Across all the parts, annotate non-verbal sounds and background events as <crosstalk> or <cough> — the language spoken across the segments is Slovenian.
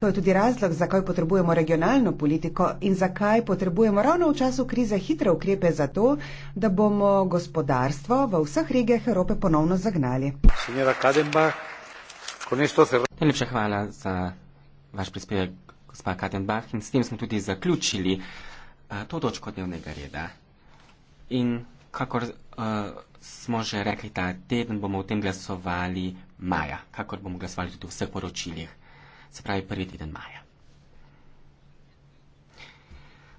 To je tudi razlog, zakaj potrebujemo regionalno politiko in zakaj potrebujemo ravno v času krize hitre ukrepe za to, da bomo gospodarstvo v vseh regijah Evrope ponovno zagnali. Najlepša hvala za vaš prispevek, gospa Kadenbach. In s tem smo tudi zaključili eh, to točko dnevnega reda. In kakor uh, smo že rekli, ta teden bomo o tem glasovali maja, kakor bomo glasovali tudi v vseh poročilih se pravi prvi teden maja.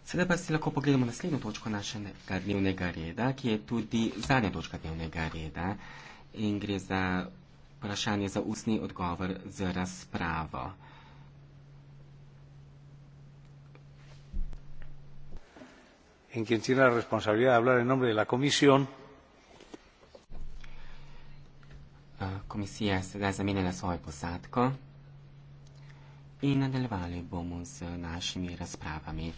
Sedaj pa si lahko pogledamo naslednjo točko našega dnevnega reda, ki je tudi zadnja točka dnevnega reda in gre za vprašanje za ustni odgovor z razpravo. In ki ima responsabilidad de hablar en nombre de la comisión. Eh, komisija je sedaj zamenjala svojo posadko in nadaljevali bomo z našimi razpravami.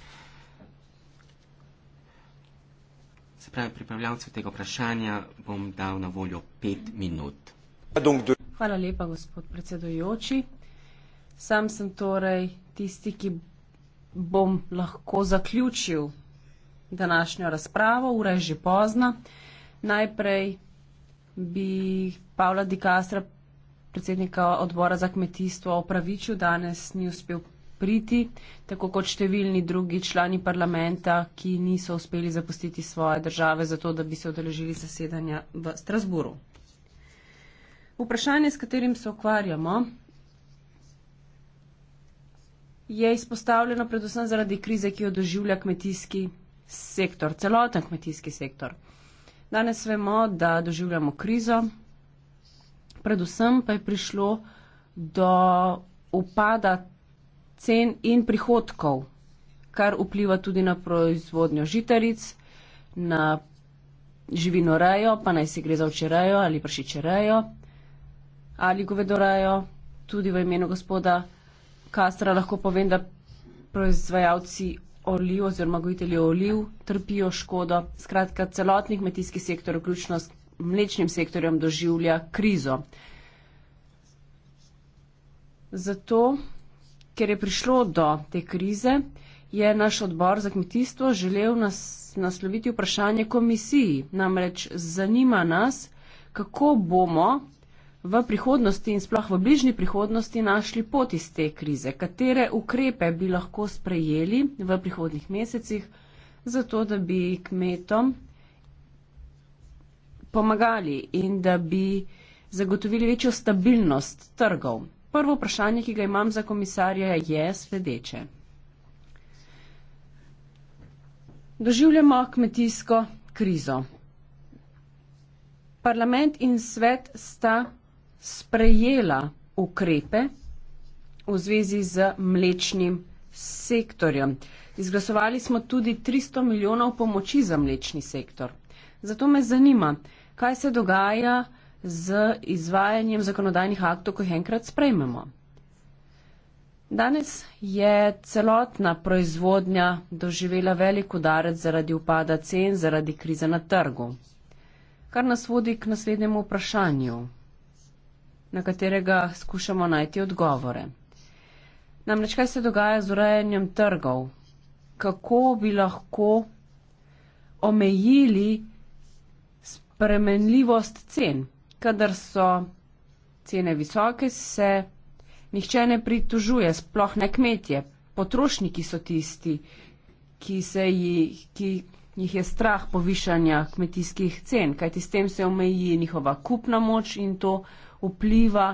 Se pravi, pripravljavcu tega vprašanja bom dal na voljo pet minut. Hvala lepa, gospod predsedojoči. Sam sem torej tisti, ki bom lahko zaključil današnjo razpravo, ura je že pozna. Najprej bi Pavla Dikastra predsednika odbora za kmetijstvo opravičil, danes ni uspel priti, tako kot številni drugi člani parlamenta, ki niso uspeli zapustiti svoje države zato, da bi se odeležili zasedanja v Strasburu. Vprašanje, s katerim se ukvarjamo, je izpostavljeno predvsem zaradi krize, ki jo doživlja kmetijski sektor, celoten kmetijski sektor. Danes vemo, da doživljamo krizo, predvsem pa je prišlo do upada cen in prihodkov, kar vpliva tudi na proizvodnjo žitaric, na živino rejo, pa naj se gre za očerejo ali pršičerejo ali govedorejo, tudi v imenu gospoda Kastra lahko povem, da proizvajalci oliv oziroma gojitelji oliv trpijo škodo. Skratka, celotni kmetijski sektor, vključno s mlečnim sektorjem doživlja krizo. Zato, ker je prišlo do te krize, je naš odbor za kmetijstvo želel nas, nasloviti vprašanje komisiji. Namreč zanima nas, kako bomo v prihodnosti in sploh v bližnji prihodnosti našli pot iz te krize, katere ukrepe bi lahko sprejeli v prihodnih mesecih, zato da bi kmetom pomagali in da bi zagotovili večjo stabilnost trgov? Prvo vprašanje, ki ga imam za komisarja, je sledeče. Doživljamo kmetijsko krizo. Parlament in svet sta sprejela ukrepe v zvezi z mlečnim sektorjem. Izglasovali smo tudi 300 milijonov pomoči za mlečni sektor. Zato me zanima, kaj se dogaja z izvajanjem zakonodajnih aktov, ko jih enkrat sprejmemo. Danes je celotna proizvodnja doživela velik udarec zaradi upada cen, zaradi krize na trgu. Kar nas vodi k naslednjemu vprašanju, na katerega skušamo najti odgovore. Namreč, kaj se dogaja z urejanjem trgov? Kako bi lahko omejili spremenljivost cen. Kadar so cene visoke, se nihče ne pritožuje, sploh ne kmetje. Potrošniki so tisti, ki, jih, ki jih je strah povišanja kmetijskih cen, kajti s tem se omeji njihova kupna moč in to vpliva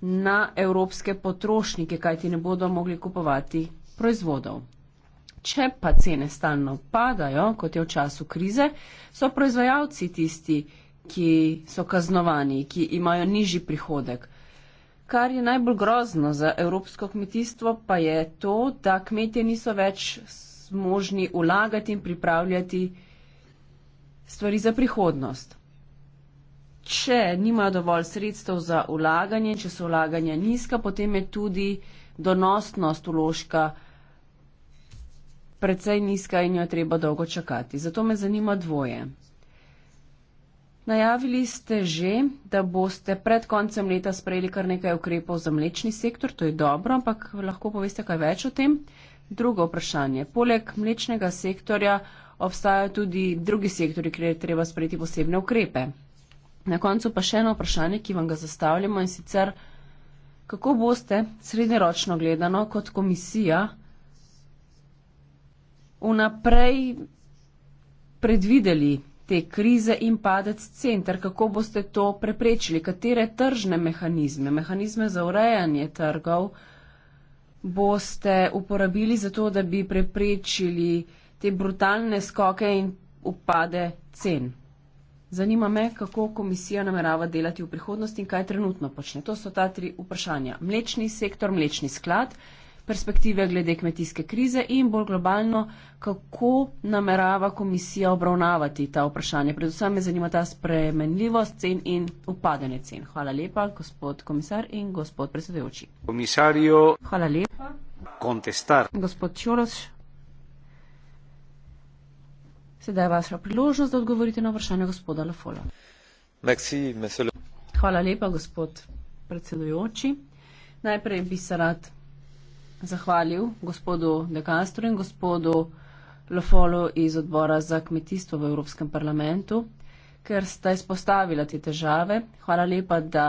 na evropske potrošnike, kajti ne bodo mogli kupovati proizvodov. Če pa cene stalno padajo, kot je v času krize, so proizvajalci tisti, ki so kaznovani, ki imajo nižji prihodek. Kar je najbolj grozno za evropsko kmetijstvo, pa je to, da kmetje niso več možni ulagati in pripravljati stvari za prihodnost. Če nimajo dovolj sredstev za ulaganje, če so ulaganja nizka, potem je tudi donosnost uložka precej nizka in jo treba dolgo čakati. Zato me zanima dvoje. Najavili ste že, da boste pred koncem leta sprejeli kar nekaj ukrepov za mlečni sektor, to je dobro, ampak lahko poveste kaj več o tem. Drugo vprašanje. Poleg mlečnega sektorja obstajajo tudi drugi sektori, kjer je treba sprejeti posebne ukrepe. Na koncu pa še eno vprašanje, ki vam ga zastavljamo in sicer, kako boste srednjeročno gledano kot komisija vnaprej predvideli te krize in padec cen, ter kako boste to preprečili, katere tržne mehanizme, mehanizme za urejanje trgov boste uporabili za to, da bi preprečili te brutalne skoke in upade cen. Zanima me, kako komisija namerava delati v prihodnosti in kaj trenutno počne. To so ta tri vprašanja. Mlečni sektor, mlečni sklad perspektive glede kmetijske krize in bolj globalno, kako namerava komisija obravnavati ta vprašanja. Predvsem me zanima ta spremenljivost cen in upadanje cen. Hvala lepa, gospod komisar in gospod predsedujoči. Komisarjo. Hvala lepa. Kontestar. Gospod Čoroš. Sedaj je vaša priložnost, da odgovorite na vprašanje gospoda Lafola. Merci, Hvala lepa, gospod predsedujoči. Najprej bi se rad zahvalil gospodu Dekastru in gospodu Lofolu iz odbora za kmetijstvo v Evropskem parlamentu, ker sta izpostavila te težave. Hvala lepa, da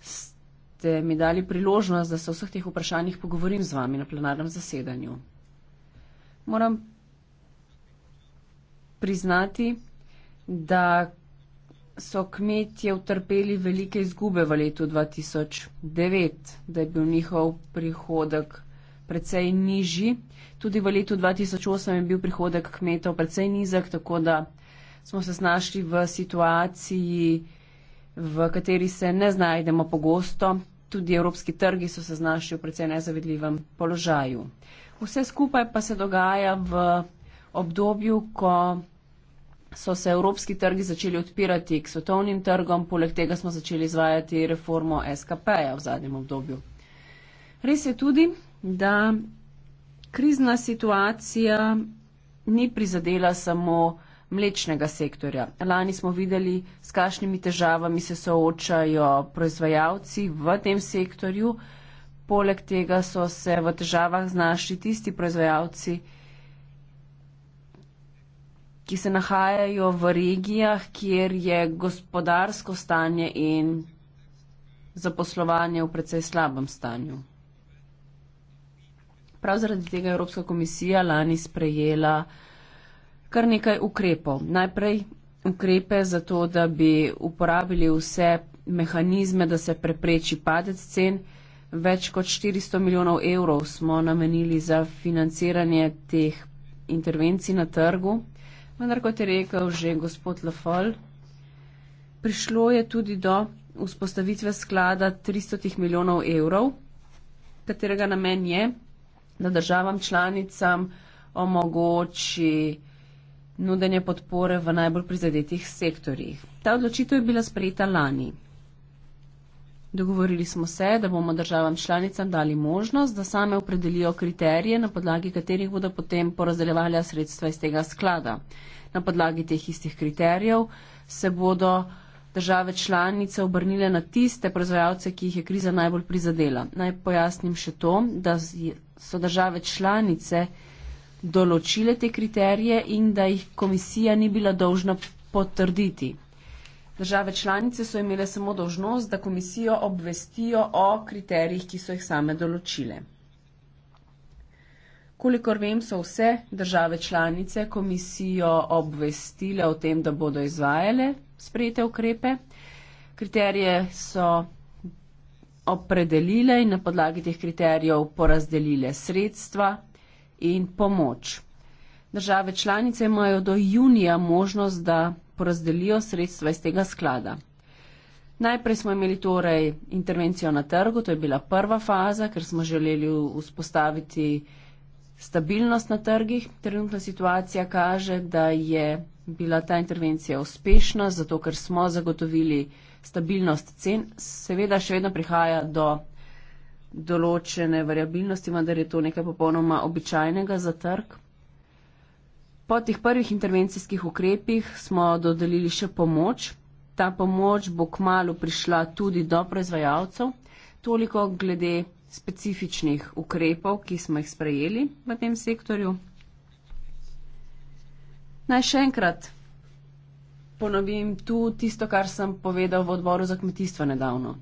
ste mi dali priložnost, da se o vseh teh vprašanjih pogovorim z vami na plenarnem zasedanju. Moram priznati, da so kmetje utrpeli velike izgube v letu 2009, da je bil njihov prihodek precej nižji. Tudi v letu 2008 je bil prihodek kmetov precej nizek, tako da smo se znašli v situaciji, v kateri se ne znajdemo pogosto. Tudi evropski trgi so se znašli v precej nezavedljivem položaju. Vse skupaj pa se dogaja v obdobju, ko so se evropski trgi začeli odpirati k svetovnim trgom, poleg tega smo začeli izvajati reformo SKP-ja v zadnjem obdobju. Res je tudi, da krizna situacija ni prizadela samo mlečnega sektorja. Lani smo videli, s kakšnimi težavami se soočajo proizvajalci v tem sektorju. Poleg tega so se v težavah znašli tisti proizvajalci, ki se nahajajo v regijah, kjer je gospodarsko stanje in zaposlovanje v precej slabem stanju. Prav zaradi tega je Evropska komisija lani sprejela kar nekaj ukrepov. Najprej ukrepe za to, da bi uporabili vse mehanizme, da se prepreči padec cen. Več kot 400 milijonov evrov smo namenili za financiranje teh intervencij na trgu. Vendar, kot je rekel že gospod Lafol, prišlo je tudi do vzpostavitve sklada 300 milijonov evrov, katerega namen je da državam članicam omogoči nudenje podpore v najbolj prizadetih sektorjih. Ta odločitev je bila sprejeta lani. Dogovorili smo se, da bomo državam članicam dali možnost, da same opredelijo kriterije, na podlagi katerih bodo potem porazdeljevali sredstva iz tega sklada. Na podlagi teh istih kriterijev se bodo države članice obrnile na tiste proizvajalce, ki jih je kriza najbolj prizadela. Naj pojasnim še to, da so države članice določile te kriterije in da jih komisija ni bila dolžna potrditi. Države članice so imele samo dožnost, da komisijo obvestijo o kriterijih, ki so jih same določile. Kolikor vem, so vse države članice komisijo obvestile o tem, da bodo izvajale sprejete ukrepe. Kriterije so opredelile in na podlagi teh kriterijev porazdelile sredstva in pomoč. Države članice imajo do junija možnost, da porazdelijo sredstva iz tega sklada. Najprej smo imeli torej intervencijo na trgu, to je bila prva faza, ker smo želeli vzpostaviti stabilnost na trgih. Trenutna situacija kaže, da je bila ta intervencija uspešna, zato ker smo zagotovili stabilnost cen. Seveda še vedno prihaja do določene variabilnosti, vendar je to nekaj popolnoma običajnega za trg. Po teh prvih intervencijskih ukrepih smo dodelili še pomoč. Ta pomoč bo kmalo prišla tudi do proizvajalcev. Toliko glede specifičnih ukrepov, ki smo jih sprejeli v tem sektorju. Naj še enkrat ponovim tu tisto, kar sem povedal v odboru za kmetijstvo nedavno.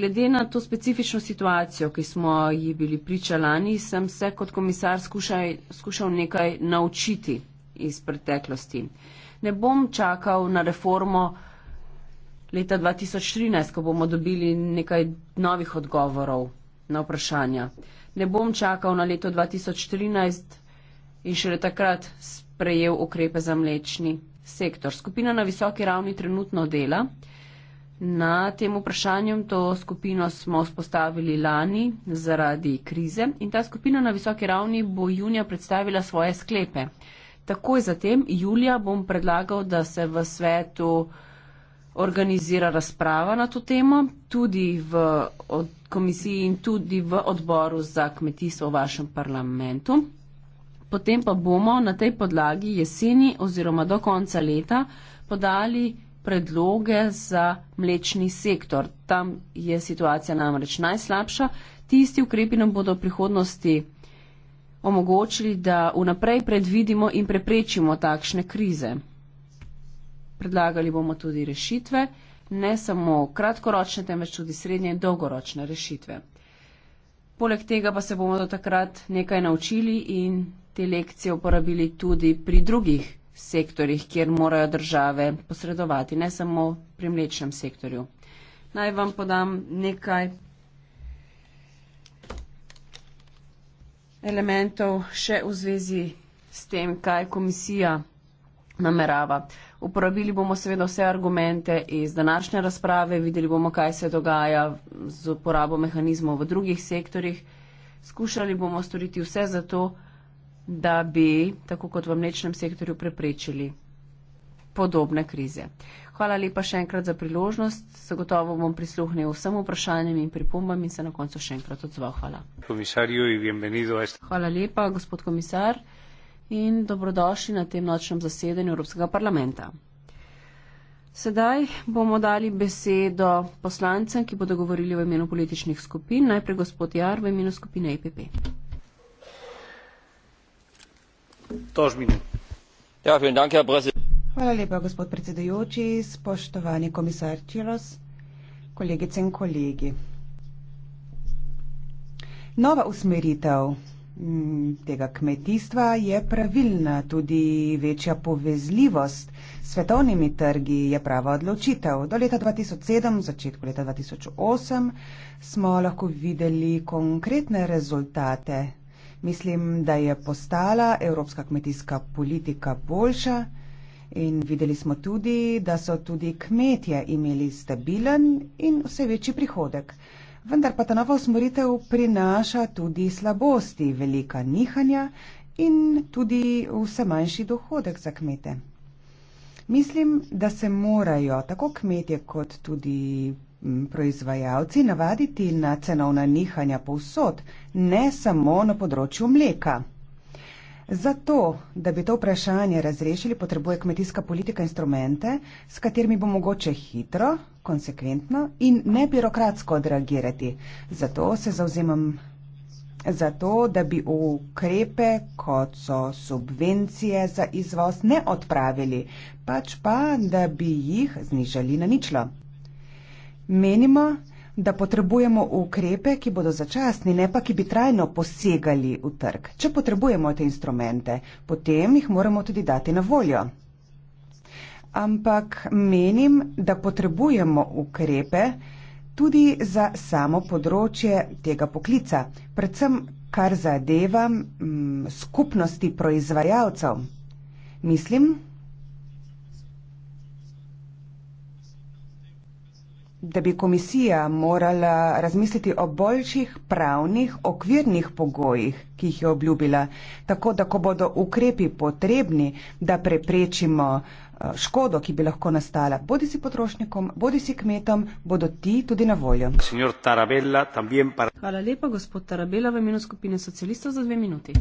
Glede na to specifično situacijo, ki smo ji bili priča lani, sem se kot komisar skušaj, skušal nekaj naučiti iz preteklosti. Ne bom čakal na reformo leta 2013, ko bomo dobili nekaj novih odgovorov na vprašanja. Ne bom čakal na leto 2013 in šele takrat sprejel ukrepe za mlečni sektor. Skupina na visoki ravni trenutno dela. Na tem vprašanju to skupino smo spostavili lani zaradi krize in ta skupina na visoki ravni bo junija predstavila svoje sklepe. Takoj zatem, julija, bom predlagal, da se v svetu organizira razprava na to temo, tudi v komisiji in tudi v odboru za kmetijstvo v vašem parlamentu. Potem pa bomo na tej podlagi jeseni oziroma do konca leta podali predloge za mlečni sektor. Tam je situacija namreč najslabša. Tisti ukrepi nam bodo v prihodnosti omogočili, da vnaprej predvidimo in preprečimo takšne krize. Predlagali bomo tudi rešitve ne samo kratkoročne, temveč tudi srednje in dolgoročne rešitve. Poleg tega pa se bomo do takrat nekaj naučili in te lekcije uporabili tudi pri drugih sektorjih, kjer morajo države posredovati, ne samo pri mlečnem sektorju. Naj vam podam nekaj elementov še v zvezi s tem, kaj komisija namerava. Uporabili bomo seveda vse argumente iz današnje razprave, videli bomo, kaj se dogaja z uporabo mehanizmov v drugih sektorjih. Skušali bomo storiti vse za to, da bi, tako kot v mlečnem sektorju, preprečili podobne krize. Hvala lepa še enkrat za priložnost. Zagotovo bom prisluhnil vsem vprašanjem in pripombam in se na koncu še enkrat odzval. Hvala. Hvala lepa, gospod komisar in dobrodošli na tem nočnem zasedanju Evropskega parlamenta. Sedaj bomo dali besedo poslancem, ki bodo govorili v imenu političnih skupin. Najprej gospod Jar v imenu skupine EPP. Ja, Hvala lepa, gospod predsedujoči, spoštovani komisar Čilos, kolegice in kolegi. Nova usmeritev tega kmetijstva je pravilna, tudi večja povezljivost s svetovnimi trgi je prava odločitev. Do leta 2007, začetku leta 2008, smo lahko videli konkretne rezultate. Mislim, da je postala evropska kmetijska politika boljša in videli smo tudi, da so tudi kmetje imeli stabilen in vse večji prihodek vendar pa ta nova usmeritev prinaša tudi slabosti, velika nihanja in tudi vse manjši dohodek za kmete. Mislim, da se morajo tako kmetje kot tudi proizvajalci navaditi na cenovna nihanja povsod, ne samo na področju mleka. Zato, da bi to vprašanje razrešili, potrebuje kmetijska politika instrumente, s katerimi bo mogoče hitro, konsekventno in ne birokratsko odreagirati. Zato se zauzemam za to, da bi ukrepe, kot so subvencije za izvoz, ne odpravili, pač pa, da bi jih znižali na ničlo. Menimo, da potrebujemo ukrepe, ki bodo začasni, ne pa, ki bi trajno posegali v trg. Če potrebujemo te instrumente, potem jih moramo tudi dati na voljo. Ampak menim, da potrebujemo ukrepe tudi za samo področje tega poklica, predvsem kar zadeva mm, skupnosti proizvajalcev. Mislim, da bi komisija morala razmisliti o boljših pravnih okvirnih pogojih, ki jih je obljubila, tako da ko bodo ukrepi potrebni, da preprečimo eh, škodo, ki bi lahko nastala, bodi si potrošnikom, bodi si kmetom, bodo ti tudi na voljo. Hvala lepa, gospod Tarabela, v imenu skupine socialistov za dve minuti.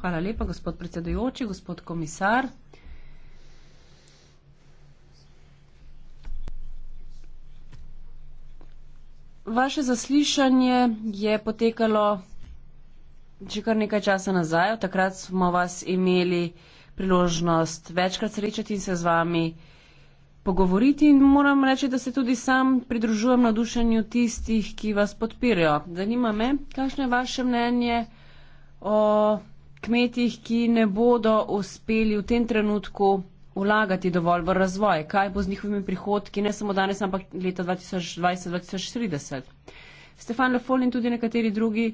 Hvala lepa, gospod predsedujoči, gospod komisar. Vaše zaslišanje je potekalo že kar nekaj časa nazaj. Takrat smo vas imeli priložnost večkrat srečati in se z vami pogovoriti in moram reči, da se tudi sam pridružujem nadušenju tistih, ki vas podpirajo. Zanima me, kakšno je vaše mnenje o kmetih, ki ne bodo uspeli v tem trenutku vlagati dovolj v razvoj, kaj bo z njihovimi prihodki, ne samo danes, ampak leta 2020-2030. Stefan Lefol in tudi nekateri drugi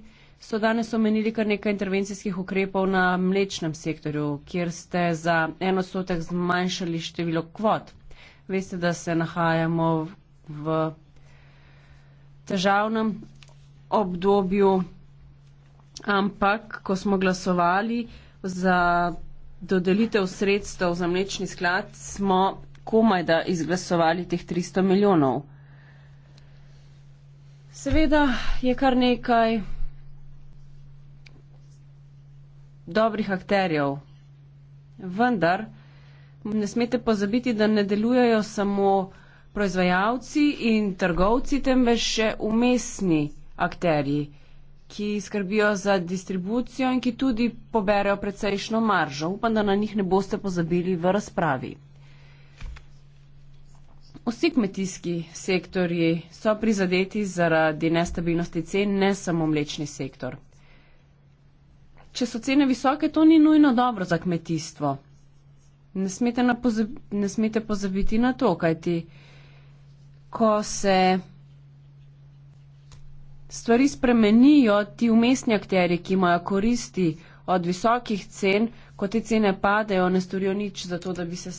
so danes omenili kar nekaj intervencijskih ukrepov na mlečnem sektorju, kjer ste za eno sotek zmanjšali število kvot. Veste, da se nahajamo v težavnem obdobju, ampak ko smo glasovali za dodelitev sredstev za mlečni sklad smo komaj da izglasovali teh 300 milijonov. Seveda je kar nekaj dobrih akterjev, vendar ne smete pozabiti, da ne delujejo samo proizvajalci in trgovci, temveč še umestni akterji ki skrbijo za distribucijo in ki tudi poberajo precejšno maržo. Upam, da na njih ne boste pozabili v razpravi. Vsi kmetijski sektori so prizadeti zaradi nestabilnosti cen, ne samo mlečni sektor. Če so cene visoke, to ni nujno dobro za kmetijstvo. Ne smete, na pozabi, ne smete pozabiti na to, kajti ko se stvari spremenijo, ti umestni akteri, ki imajo koristi od visokih cen, ko te cene padejo, ne storijo nič za to, da bi se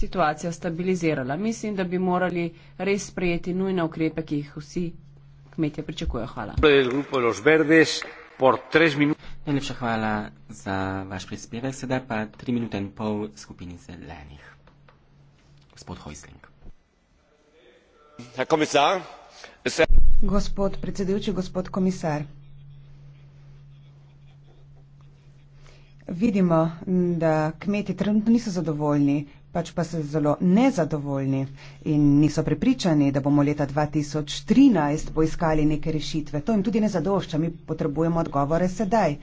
situacija stabilizirala. Mislim, da bi morali res sprejeti nujne ukrepe, ki jih vsi kmetje pričakujejo. Hvala. Najlepša hvala za vaš prispevek. Sedaj pa tri minute in pol skupini zelenih. Gospod Hojsling. Herr Kommissar, Gospod predsedujoči, gospod komisar. Vidimo, da kmeti trenutno niso zadovoljni, pač pa so zelo nezadovoljni in niso prepričani, da bomo leta 2013 poiskali neke rešitve. To jim tudi ne zadošča, mi potrebujemo odgovore sedaj.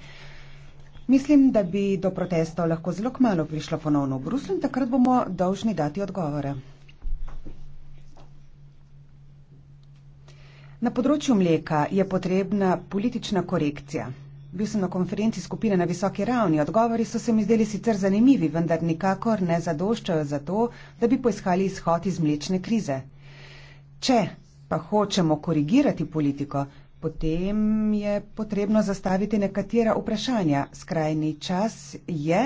Mislim, da bi do protestov lahko zelo kmalo prišlo ponovno v Bruslju in takrat bomo dolžni dati odgovore. Na področju mleka je potrebna politična korekcija. Bil sem na konferenci skupine na visoki ravni. Odgovori so se mi zdeli sicer zanimivi, vendar nikakor ne zadoščajo za to, da bi poiskali izhod iz mlečne krize. Če pa hočemo korigirati politiko, potem je potrebno zastaviti nekatera vprašanja. Skrajni čas je,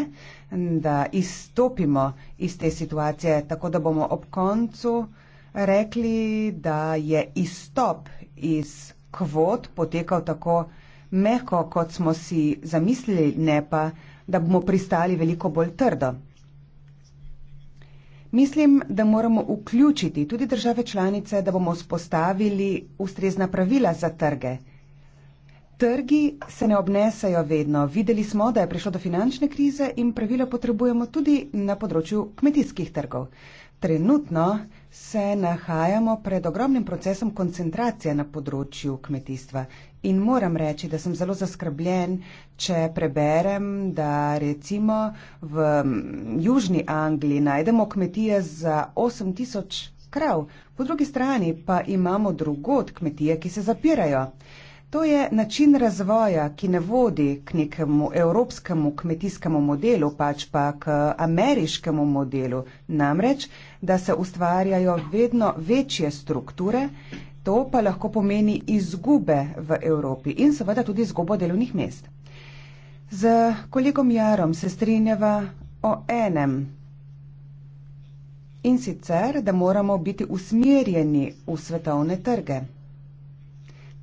da izstopimo iz te situacije, tako da bomo ob koncu rekli, da je izstop iz kvot potekal tako mehko, kot smo si zamislili, ne pa, da bomo pristali veliko bolj trdo. Mislim, da moramo vključiti tudi države članice, da bomo spostavili ustrezna pravila za trge. Trgi se ne obnesajo vedno. Videli smo, da je prišlo do finančne krize in pravila potrebujemo tudi na področju kmetijskih trgov. Trenutno se nahajamo pred ogromnim procesom koncentracije na področju kmetijstva. In moram reči, da sem zelo zaskrbljen, če preberem, da recimo v Južni Angliji najdemo kmetije za 8000 krav, po drugi strani pa imamo drugod kmetije, ki se zapirajo. To je način razvoja, ki ne vodi k nekemu evropskemu kmetijskemu modelu, pač pa k ameriškemu modelu, namreč, da se ustvarjajo vedno večje strukture, to pa lahko pomeni izgube v Evropi in seveda tudi izgubo delovnih mest. Z kolegom Jarom se strinjava o enem. In sicer, da moramo biti usmerjeni v svetovne trge.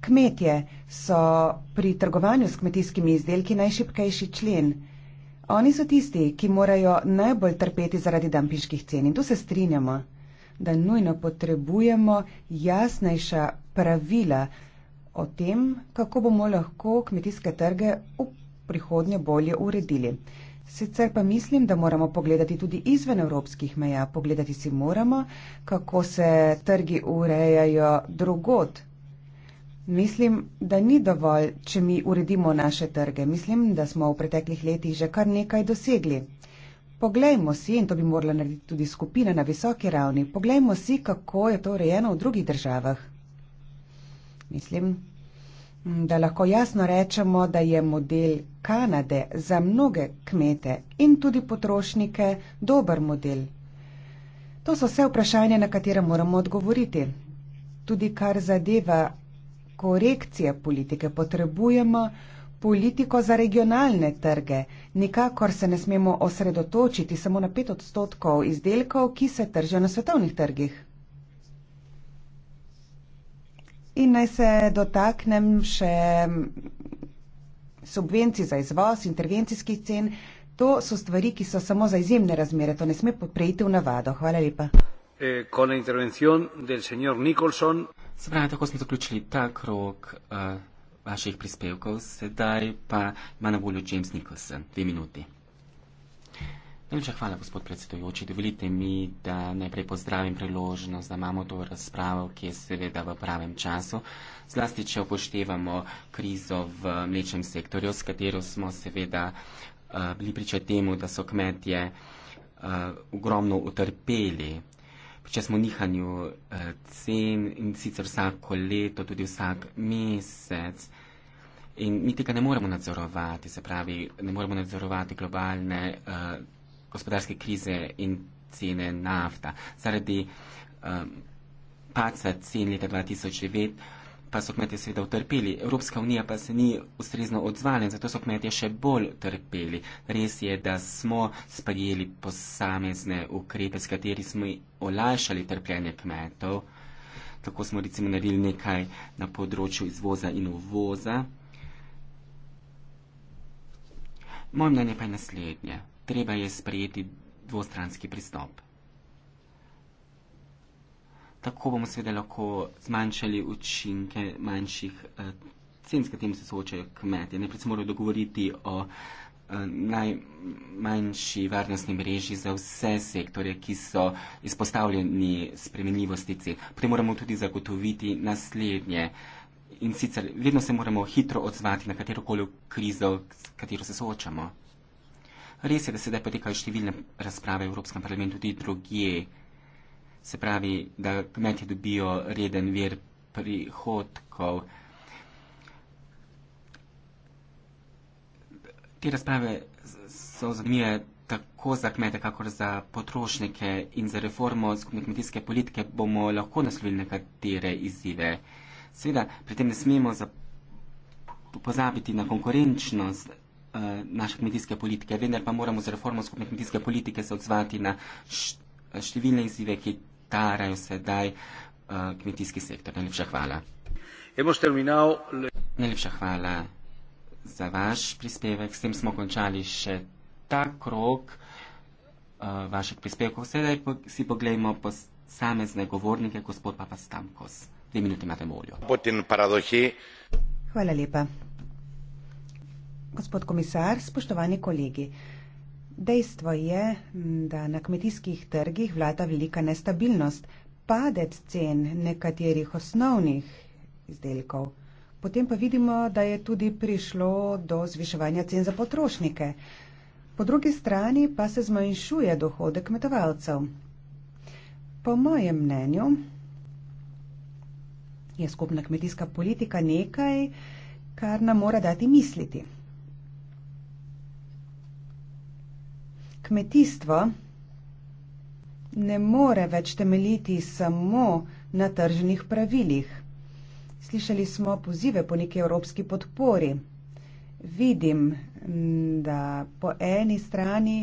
Kmetje so pri trgovanju s kmetijskimi izdelki najšipkejši člen. Oni so tisti, ki morajo najbolj trpeti zaradi dampiških cen in tu se strinjamo, da nujno potrebujemo jasnejša pravila o tem, kako bomo lahko kmetijske trge v prihodnje bolje uredili. Sicer pa mislim, da moramo pogledati tudi izven evropskih meja, pogledati si moramo, kako se trgi urejajo drugot Mislim, da ni dovolj, če mi uredimo naše trge. Mislim, da smo v preteklih letih že kar nekaj dosegli. Poglejmo si, in to bi morala narediti tudi skupina na visoki ravni, poglejmo si, kako je to urejeno v drugih državah. Mislim, da lahko jasno rečemo, da je model Kanade za mnoge kmete in tudi potrošnike dober model. To so vse vprašanja, na katera moramo odgovoriti. Tudi kar zadeva korekcije politike, potrebujemo politiko za regionalne trge. Nikakor se ne smemo osredotočiti samo na pet odstotkov izdelkov, ki se tržijo na svetovnih trgih. In naj se dotaknem še subvencij za izvoz, intervencijskih cen. To so stvari, ki so samo za izjemne razmere. To ne sme preiti v navado. Hvala lepa. Eh, con la intervención del señor Nicholson. Se pravi, tako smo zaključili ta krok uh, eh, vaših prispevkov, sedaj pa ima na voljo James Nicholson, dve minuti. Najlepša hvala, gospod predsedujoči. Dovolite mi, da najprej pozdravim priložnost, da imamo to razpravo, ki je seveda v pravem času. Zlasti, če upoštevamo krizo v mlečnem sektorju, s katero smo seveda uh, bili priča temu, da so kmetje uh, ogromno utrpeli če smo nihanju eh, cen in sicer vsako leto, tudi vsak mesec. In mi tega ne moremo nadzorovati, se pravi, ne moremo nadzorovati globalne uh, gospodarske krize in cene nafta. Zaradi um, eh, paca cen leta 2009 pa so kmetje seveda utrpeli. Evropska unija pa se ni ustrezno odzvala in zato so kmetje še bolj trpeli. Res je, da smo sprejeli posamezne ukrepe, s kateri smo olajšali trpljenje kmetov. Tako smo recimo naredili nekaj na področju izvoza in uvoza. Moje mnenje pa je naslednje. Treba je sprejeti dvostranski pristop tako bomo seveda lahko zmanjšali učinke manjših eh, cen, s katerimi se soočajo kmetje. Najprej se morajo dogovoriti o eh, najmanjši varnostni mreži za vse sektorje, ki so izpostavljeni spremenljivosti cen. Potem moramo tudi zagotoviti naslednje. In sicer vedno se moramo hitro odzvati na katerokoli krizo, s katero se soočamo. Res je, da sedaj potekajo številne razprave v Evropskem parlamentu, tudi drugje se pravi, da kmetje dobijo reden vir prihodkov. Te razprave so zanimive tako za kmete, kakor za potrošnike in za reformo skupne kmetijske politike bomo lahko naslovili nekatere izzive. Seveda, pri tem ne smemo pozabiti na konkurenčnost eh, naše kmetijske politike, vendar pa moramo z reformo skupne kmetijske politike se odzvati na številne izzive, ki tarajo sedaj uh, kmetijski sektor. Najlepša hvala. Najlepša hvala za vaš prispevek. S tem smo končali še ta krok uh, eh, vaših prispevkov. Sedaj po, si pogledajmo posamezne govornike, gospod Papastamkos. Dve minuti imate voljo. Hvala lepa. Gospod komisar, spoštovani kolegi. Dejstvo je, da na kmetijskih trgih vlada velika nestabilnost, padec cen nekaterih osnovnih izdelkov. Potem pa vidimo, da je tudi prišlo do zviševanja cen za potrošnike. Po drugi strani pa se zmanjšuje dohodek kmetovalcev. Po mojem mnenju je skupna kmetijska politika nekaj, kar nam mora dati misliti. kmetijstvo ne more več temeljiti samo na tržnih pravilih. Slišali smo pozive po neki evropski podpori. Vidim, mm, da po eni strani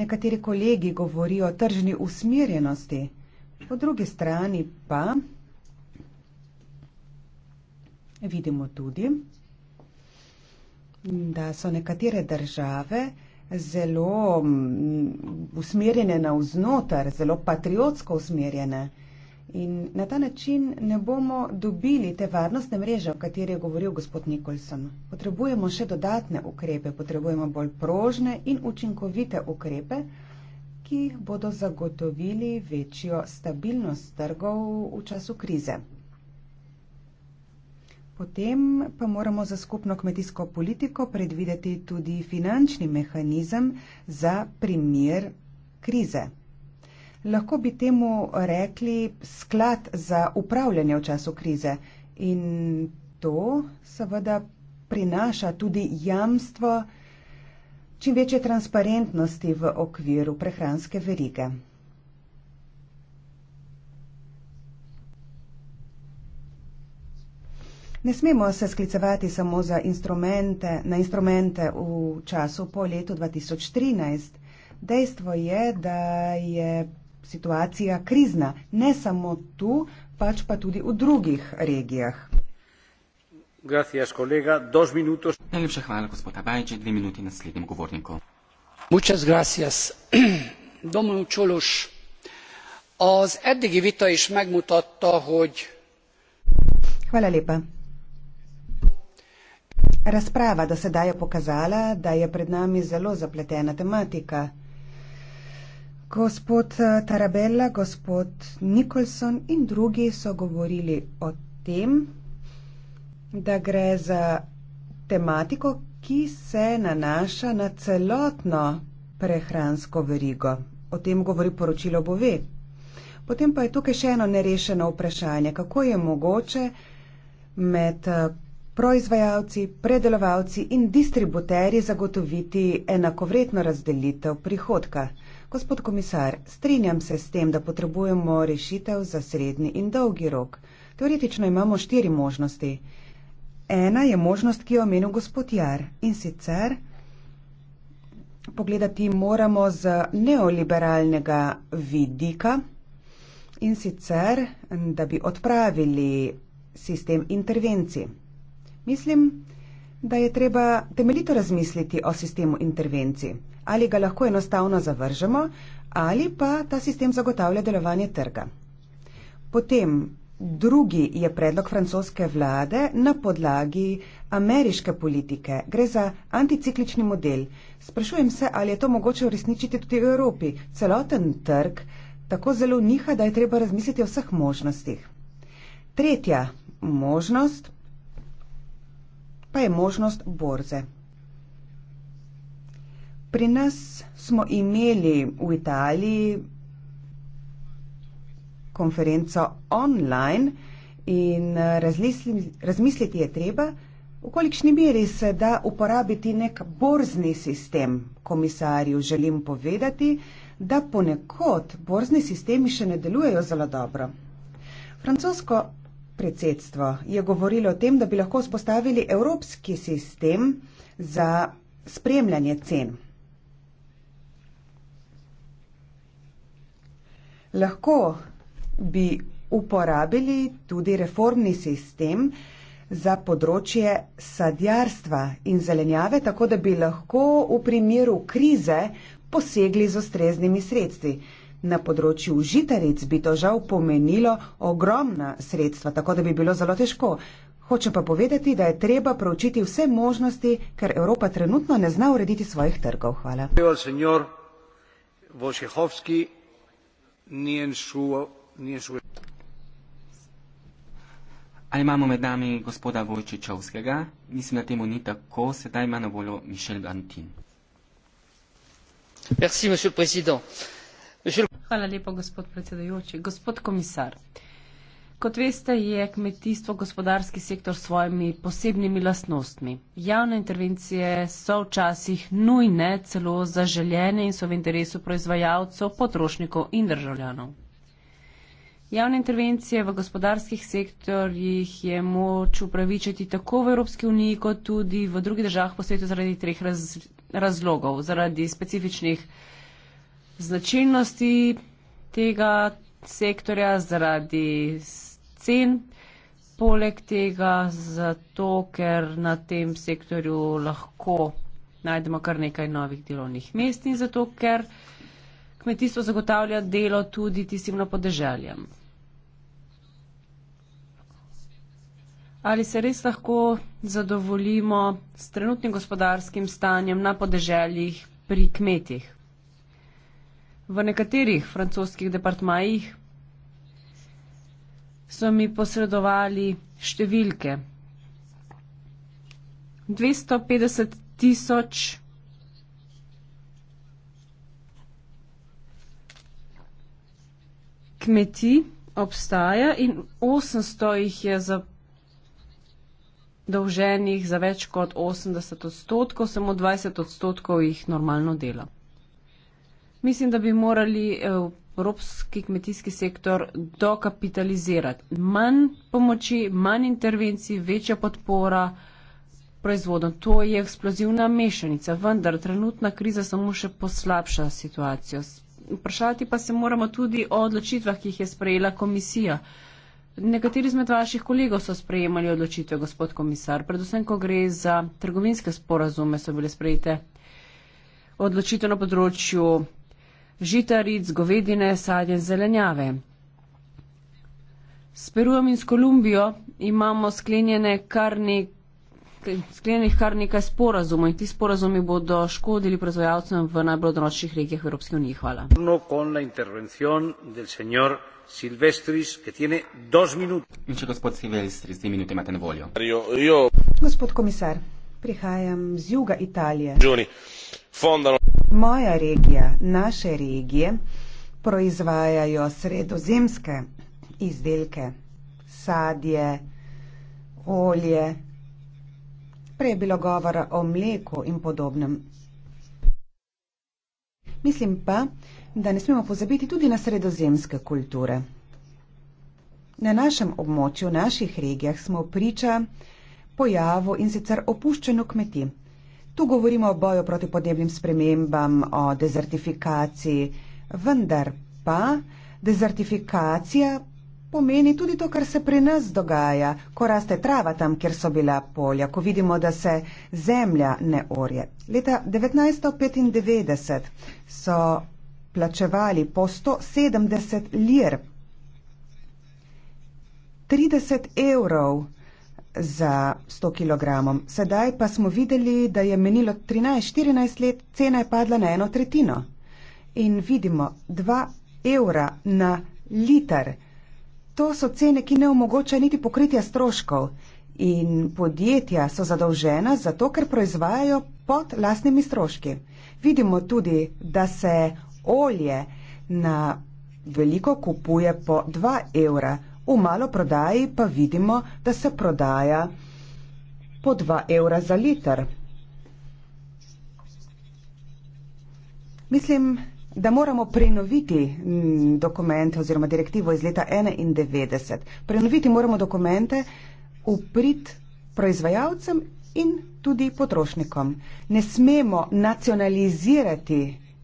nekateri kolegi govorijo o tržni usmerjenosti, po drugi strani pa vidimo tudi, da so nekatere države zelo mm, usmerjene navznoter, zelo patriotsko usmerjene. In na ta način ne bomo dobili te varnostne mreže, o kateri je govoril gospod Nikolson. Potrebujemo še dodatne ukrepe, potrebujemo bolj prožne in učinkovite ukrepe, ki bodo zagotovili večjo stabilnost trgov v času krize. Potem pa moramo za skupno kmetijsko politiko predvideti tudi finančni mehanizem za primer krize. Lahko bi temu rekli sklad za upravljanje v času krize in to seveda prinaša tudi jamstvo čim večje transparentnosti v okviru prehranske verige. Ne smemo se sklicevati samo instrumente, na instrumente v času po letu 2013. Dejstvo je, da je situacija krizna, ne samo tu, pač pa tudi v drugih regijah. Gracias, kolega. Dos minutos. Najlepša hvala, gospod Abajče. Dve minuti naslednjem govorniku. Muchas gracias, <clears throat> domnul Čološ. Az eddigi vita is megmutatta, hogy. Hvala lepa. Razprava do sedaj je pokazala, da je pred nami zelo zapletena tematika. Gospod eh, Tarabella, gospod Nicholson in drugi so govorili o tem, da gre za tematiko, ki se nanaša na celotno prehransko verigo. O tem govori poročilo Bove. Potem pa je tukaj še eno nerešeno vprašanje, kako je mogoče med eh, proizvajalci, predelovalci in distributeri zagotoviti enakovredno razdelitev prihodka. Gospod komisar, strinjam se s tem, da potrebujemo rešitev za srednji in dolgi rok. Teoretično imamo štiri možnosti. Ena je možnost, ki jo omenil gospod Jar in sicer pogledati moramo z neoliberalnega vidika in sicer, da bi odpravili sistem intervencij. Mislim, da je treba temeljito razmisliti o sistemu intervencij. Ali ga lahko enostavno zavržemo, ali pa ta sistem zagotavlja delovanje trga. Potem drugi je predlog francoske vlade na podlagi ameriške politike. Gre za anticiklični model. Sprašujem se, ali je to mogoče uresničiti tudi v Evropi. Celoten trg tako zelo niha, da je treba razmisliti o vseh možnostih. Tretja možnost pa je možnost borze. Pri nas smo imeli v Italiji konferenco online in razmisliti je treba, v kolikšni meri se da uporabiti nek borzni sistem. Komisarju želim povedati, da ponekod borzni sistemi še ne delujejo zelo dobro. Francosko predsedstvo je govorilo o tem, da bi lahko vzpostavili evropski sistem za spremljanje cen. Lahko bi uporabili tudi reformni sistem za področje sadjarstva in zelenjave, tako da bi lahko v primeru krize posegli z ustreznimi sredstvi. Na področju žitaric bi to žal pomenilo ogromna sredstva, tako da bi bilo zelo težko. Hoče pa povedati, da je treba pravčiti vse možnosti, ker Evropa trenutno ne zna urediti svojih trgov. Hvala. Ali imamo med nami gospoda Vojčičovskega? Mislim, da temu ni tako. Sedaj ima na voljo Mišel Gantin. Merci, gospod predsednik. Hvala lepa, gospod predsedajoči. Gospod komisar, kot veste, je kmetijstvo gospodarski sektor s svojimi posebnimi lastnostmi. Javne intervencije so včasih nujne, celo zaželjene in so v interesu proizvajalcev, potrošnikov in državljanov. Javne intervencije v gospodarskih sektorjih je moč upravičiti tako v Evropski uniji, kot tudi v drugih državah po svetu zaradi treh raz, razlogov. Zaradi specifičnih značilnosti tega sektorja, zaradi cen, poleg tega zato, ker na tem sektorju lahko najdemo kar nekaj novih delovnih mest in zato, ker kmetijstvo zagotavlja delo tudi tistim na podeželjem. Ali se res lahko zadovoljimo s trenutnim gospodarskim stanjem na podeželjih pri kmetih? v nekaterih francoskih departmajih so mi posredovali številke. 250 tisoč kmetij obstaja in 800 jih je za dolženih za več kot 80 odstotkov, samo 20 odstotkov jih normalno dela. Mislim, da bi morali eh, evropski kmetijski sektor dokapitalizirati. Manj pomoči, manj intervencij, večja podpora proizvodom. To je eksplozivna mešanica, vendar trenutna kriza samo še poslabša situacijo. Vprašati pa se moramo tudi o odločitvah, ki jih je sprejela komisija. Nekateri izmed vaših kolegov so sprejemali odločitve, gospod komisar. Predvsem, ko gre za trgovinske sporazume, so bile sprejete odločitve na področju žitaric, govedine, sadje in zelenjave. S Perujem in s Kolumbijo imamo sklenjene kar nek sklenjenih kar nekaj sporazumov in ti sporazumi bodo škodili proizvajalcem v najbolj odročnih regijah Evropske unije. Hvala. In če gospod Silvestris, dve minute imate na voljo. Gospod komisar, prihajam z juga Italije. Giuni fonda. Moja regija, naše regije, proizvajajo sredozemske izdelke, sadje, olje. Prej je bilo govora o mleku in podobnem. Mislim pa, da ne smemo pozabiti tudi na sredozemske kulture. Na našem območju, v naših regijah smo priča pojavu in sicer opuščeno kmetij. Tu govorimo o boju proti podnebnim spremembam, o dezertifikaciji, vendar pa dezertifikacija pomeni tudi to, kar se pri nas dogaja, ko raste trava tam, kjer so bila polja, ko vidimo, da se zemlja ne orje. Leta 1995 so plačevali po 170 lir 30 evrov za 100 kg. Sedaj pa smo videli, da je menilo 13-14 let, cena je padla na eno tretjino. In vidimo 2 evra na liter. To so cene, ki ne omogočajo niti pokritja stroškov. In podjetja so zadolžena zato, ker proizvajajo pod lastnimi stroški. Vidimo tudi, da se olje na veliko kupuje po 2 evra. V maloprodaji pa vidimo, da se prodaja po 2 evra za liter. Mislim, da moramo prenoviti mm, dokumente oziroma direktivo iz leta 1991. Prenoviti moramo dokumente v prid proizvajalcem in tudi potrošnikom. Ne smemo nacionalizirati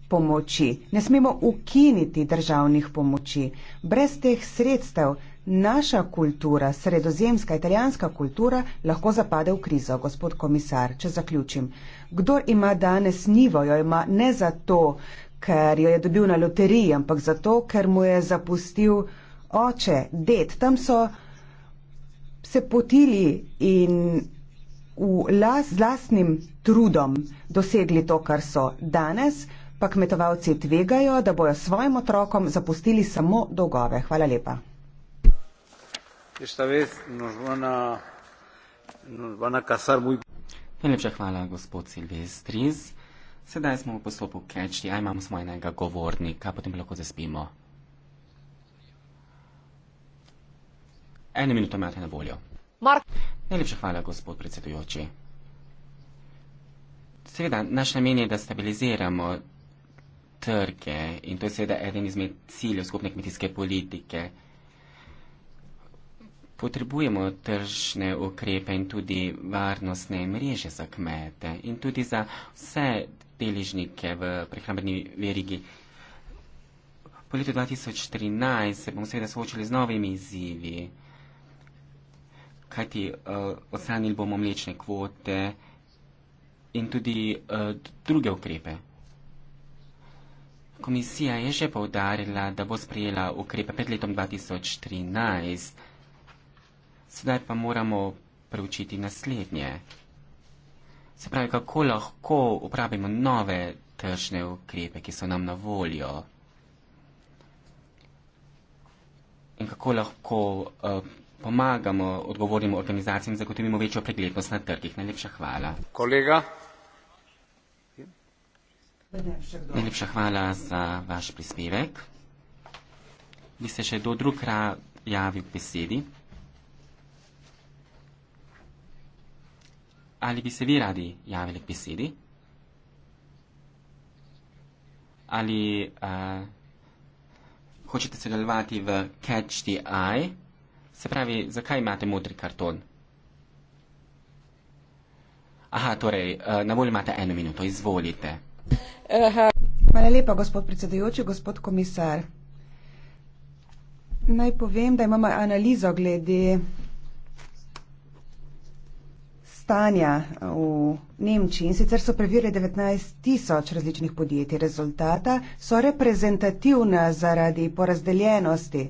pomoči, ne smemo ukiniti državnih pomoči. Brez teh sredstev naša kultura, sredozemska italijanska kultura, lahko zapade v krizo, gospod komisar. Če zaključim, kdo ima danes nivo, jo ima ne zato, ker jo je dobil na loteriji, ampak zato, ker mu je zapustil oče, ded. Tam so se potili in las, z lastnim trudom dosegli to, kar so danes. Pa kmetovalci tvegajo, da bojo svojim otrokom zapustili samo dolgove. Hvala lepa. Esta vez nos van a, nos van a cazar muy... Najlepša hvala, gospod Silvestris. Sedaj smo v poslopu Catchy, aj imamo svoj enega govornika, potem lahko zaspimo. Eno minuto imate na voljo. Mark. Najlepša hvala, gospod predsedujoči. Seveda, naš namen je, da stabiliziramo trge in to je seveda eden izmed ciljev skupne kmetijske politike. Potrebujemo tržne ukrepe in tudi varnostne mreže za kmete in tudi za vse deležnike v prehrambeni verigi. Po letu 2013 se bomo seveda soočili z novimi izzivi, kajti uh, odstranili bomo mlečne kvote in tudi uh, druge ukrepe. Komisija je že povdarila, da bo sprejela ukrepe pred letom 2013 sedaj pa moramo preučiti naslednje. Se pravi, kako lahko uporabimo nove tržne ukrepe, ki so nam na voljo. In kako lahko uh, pomagamo odgovornim organizacijam, zagotovimo večjo preglednost na trgih. Najlepša hvala. Kolega. Najlepša hvala za vaš prispevek. Bi se še do drugega javil k besedi? Ali bi se vi radi javili k besedi? Ali uh, hočete sodelovati v Catch the Eye? Se pravi, zakaj imate modri karton? Aha, torej, uh, na voljo imate eno minuto, izvolite. Hvala lepa, gospod predsedujoči, gospod komisar. Naj povem, da imamo analizo glede stanja v Nemčiji in sicer so preverili 19 tisoč različnih podjetij. Rezultata so reprezentativna zaradi porazdeljenosti.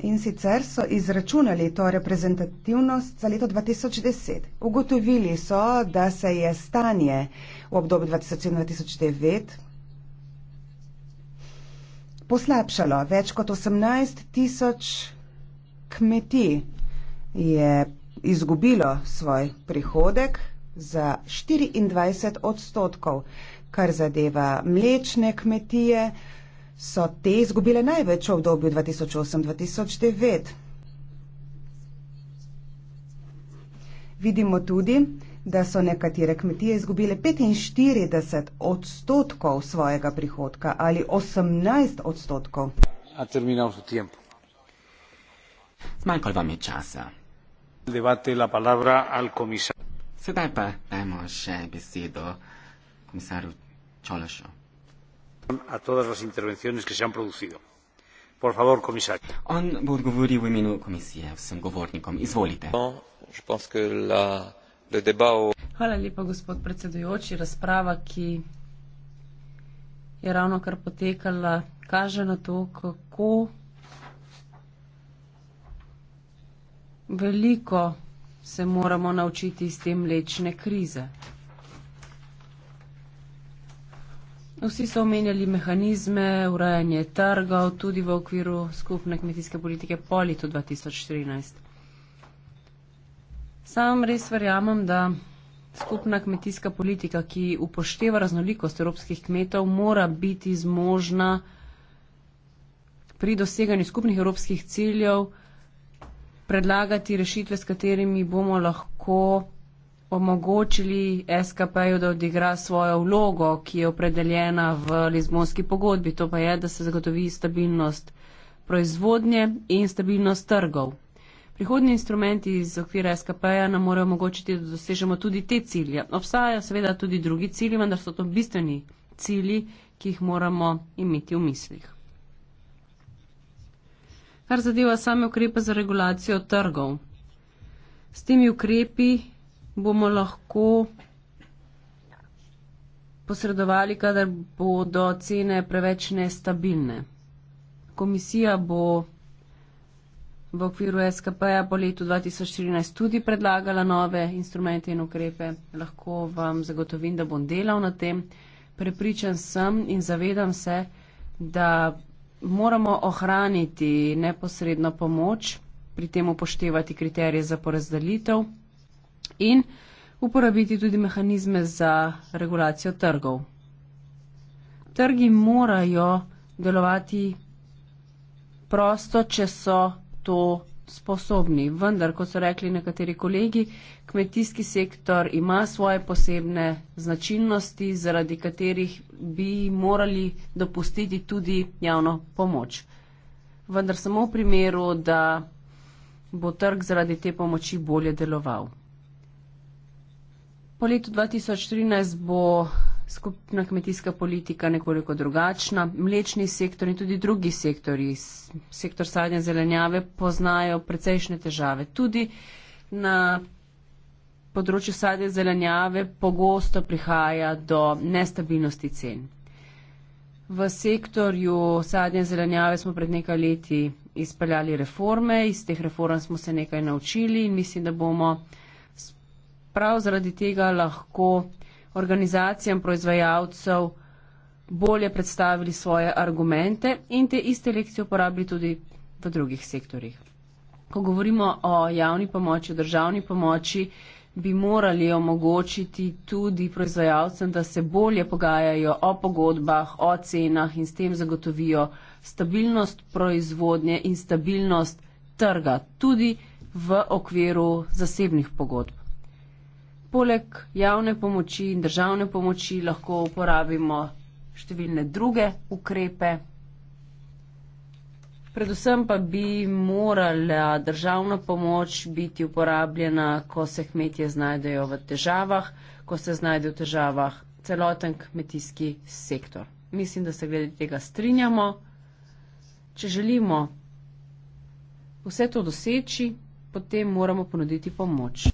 In sicer so izračunali to reprezentativnost za leto 2010. Ugotovili so, da se je stanje v obdobju 2007-2009 poslabšalo. Več kot 18 tisoč kmetij je izgubilo svoj prihodek za 24 odstotkov. Kar zadeva mlečne kmetije, so te izgubile največ v obdobju 2008-2009. Vidimo tudi, da so nekatere kmetije izgubile 45 odstotkov svojega prihodka ali 18 odstotkov. Zmanjkalo vam je časa. Sedaj pa dajmo še besedo komisarju Čološu. Favor, On bo odgovoril v imenu komisije vsem govornikom. Izvolite. No, Hvala lepa, gospod predsedujoči. Razprava, ki je ravno kar potekala, kaže na to, kako Veliko se moramo naučiti iz te mlečne krize. Vsi so omenjali mehanizme, urejanje trgov, tudi v okviru skupne kmetijske politike po letu 2014. Sam res verjamem, da skupna kmetijska politika, ki upošteva raznolikost evropskih kmetov, mora biti zmožna pri doseganju skupnih evropskih ciljev predlagati rešitve, s katerimi bomo lahko omogočili SKP-ju, da odigra svojo vlogo, ki je opredeljena v Lizbonski pogodbi. To pa je, da se zagotovi stabilnost proizvodnje in stabilnost trgov. Prihodni instrumenti iz okvira SKP-ja nam morajo omogočiti, da dosežemo tudi te cilje. Obstajajo seveda tudi drugi cilji, vendar so to bistveni cilji, ki jih moramo imeti v mislih kar zadeva same ukrepe za regulacijo trgov. S temi ukrepi bomo lahko posredovali, kadar bodo cene preveč nestabilne. Komisija bo v okviru SKP-ja po letu 2014 tudi predlagala nove instrumente in ukrepe. Lahko vam zagotovim, da bom delal na tem. Prepričan sem in zavedam se, da moramo ohraniti neposredno pomoč, pri tem upoštevati kriterije za porazdelitev in uporabiti tudi mehanizme za regulacijo trgov. Trgi morajo delovati prosto, če so to sposobni. Vendar, kot so rekli nekateri kolegi, kmetijski sektor ima svoje posebne značilnosti, zaradi katerih bi morali dopustiti tudi javno pomoč. Vendar samo v primeru, da bo trg zaradi te pomoči bolje deloval. Po letu 2013 bo skupna kmetijska politika nekoliko drugačna. Mlečni sektor in tudi drugi sektori, sektor sadnja zelenjave, poznajo precejšnje težave. Tudi na področju sadnja zelenjave pogosto prihaja do nestabilnosti cen. V sektorju sadnje zelenjave smo pred nekaj leti izpeljali reforme, iz teh reform smo se nekaj naučili in mislim, da bomo prav zaradi tega lahko organizacijam proizvajalcev bolje predstavili svoje argumente in te iste lekcije uporabili tudi v drugih sektorjih. Ko govorimo o javni pomoči, o državni pomoči, bi morali omogočiti tudi proizvajalcem, da se bolje pogajajo o pogodbah, o cenah in s tem zagotovijo stabilnost proizvodnje in stabilnost trga, tudi v okviru zasebnih pogodb poleg javne pomoči in državne pomoči lahko uporabimo številne druge ukrepe. Predvsem pa bi morala državna pomoč biti uporabljena, ko se kmetje znajdejo v težavah, ko se znajde v težavah celoten kmetijski sektor. Mislim, da se glede tega strinjamo. Če želimo vse to doseči, potem moramo ponuditi pomoč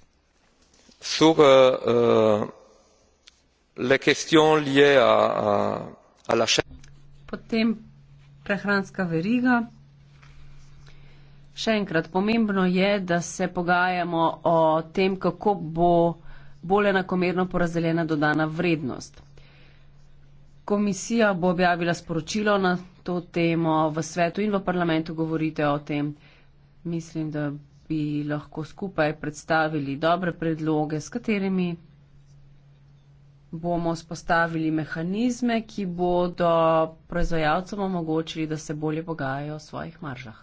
sur euh, euh, les questions liées à, à, à la chaîne. Potem prehranska veriga. Še enkrat, pomembno je, da se pogajamo o tem, kako bo bolje enakomerno porazdeljena dodana vrednost. Komisija bo objavila sporočilo na to temo v svetu in v parlamentu govorite o tem. Mislim, da bi lahko skupaj predstavili dobre predloge, s katerimi bomo spostavili mehanizme, ki bodo proizvajalcem omogočili, da se bolje pogajajo o svojih maržah.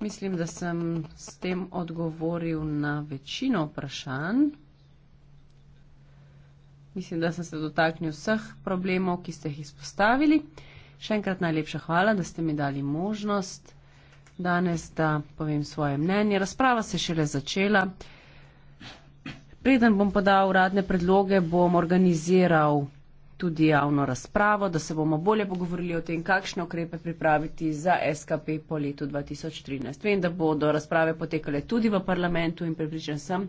Mislim, da sem s tem odgovoril na večino vprašanj. Mislim, da sem se dotaknil vseh problemov, ki ste jih izpostavili. Še enkrat najlepša hvala, da ste mi dali možnost danes, da povem svoje mnenje. Razprava se je šele začela. Preden bom podal uradne predloge, bom organiziral tudi javno razpravo, da se bomo bolje pogovorili o tem, kakšne ukrepe pripraviti za SKP po letu 2013. Vem, da bodo razprave potekale tudi v parlamentu in pripričan sem,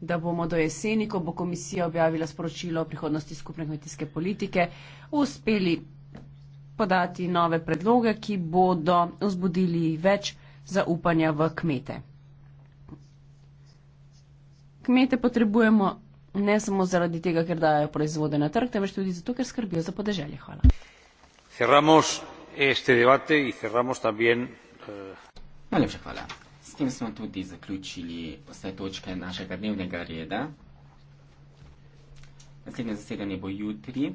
da bomo do jeseni, ko bo komisija objavila sporočilo o prihodnosti skupne kmetijske politike, uspeli podati nove predloge, ki bodo vzbudili več zaupanja v kmete. Kmete potrebujemo ne samo zaradi tega, ker dajo proizvode na trg, temveč tudi zato, ker skrbijo za podeželje. Hvala. Eh, Najlepša hvala. S tem smo tudi zaključili vse točke našega dnevnega reda. Naslednje zasedanje bo jutri.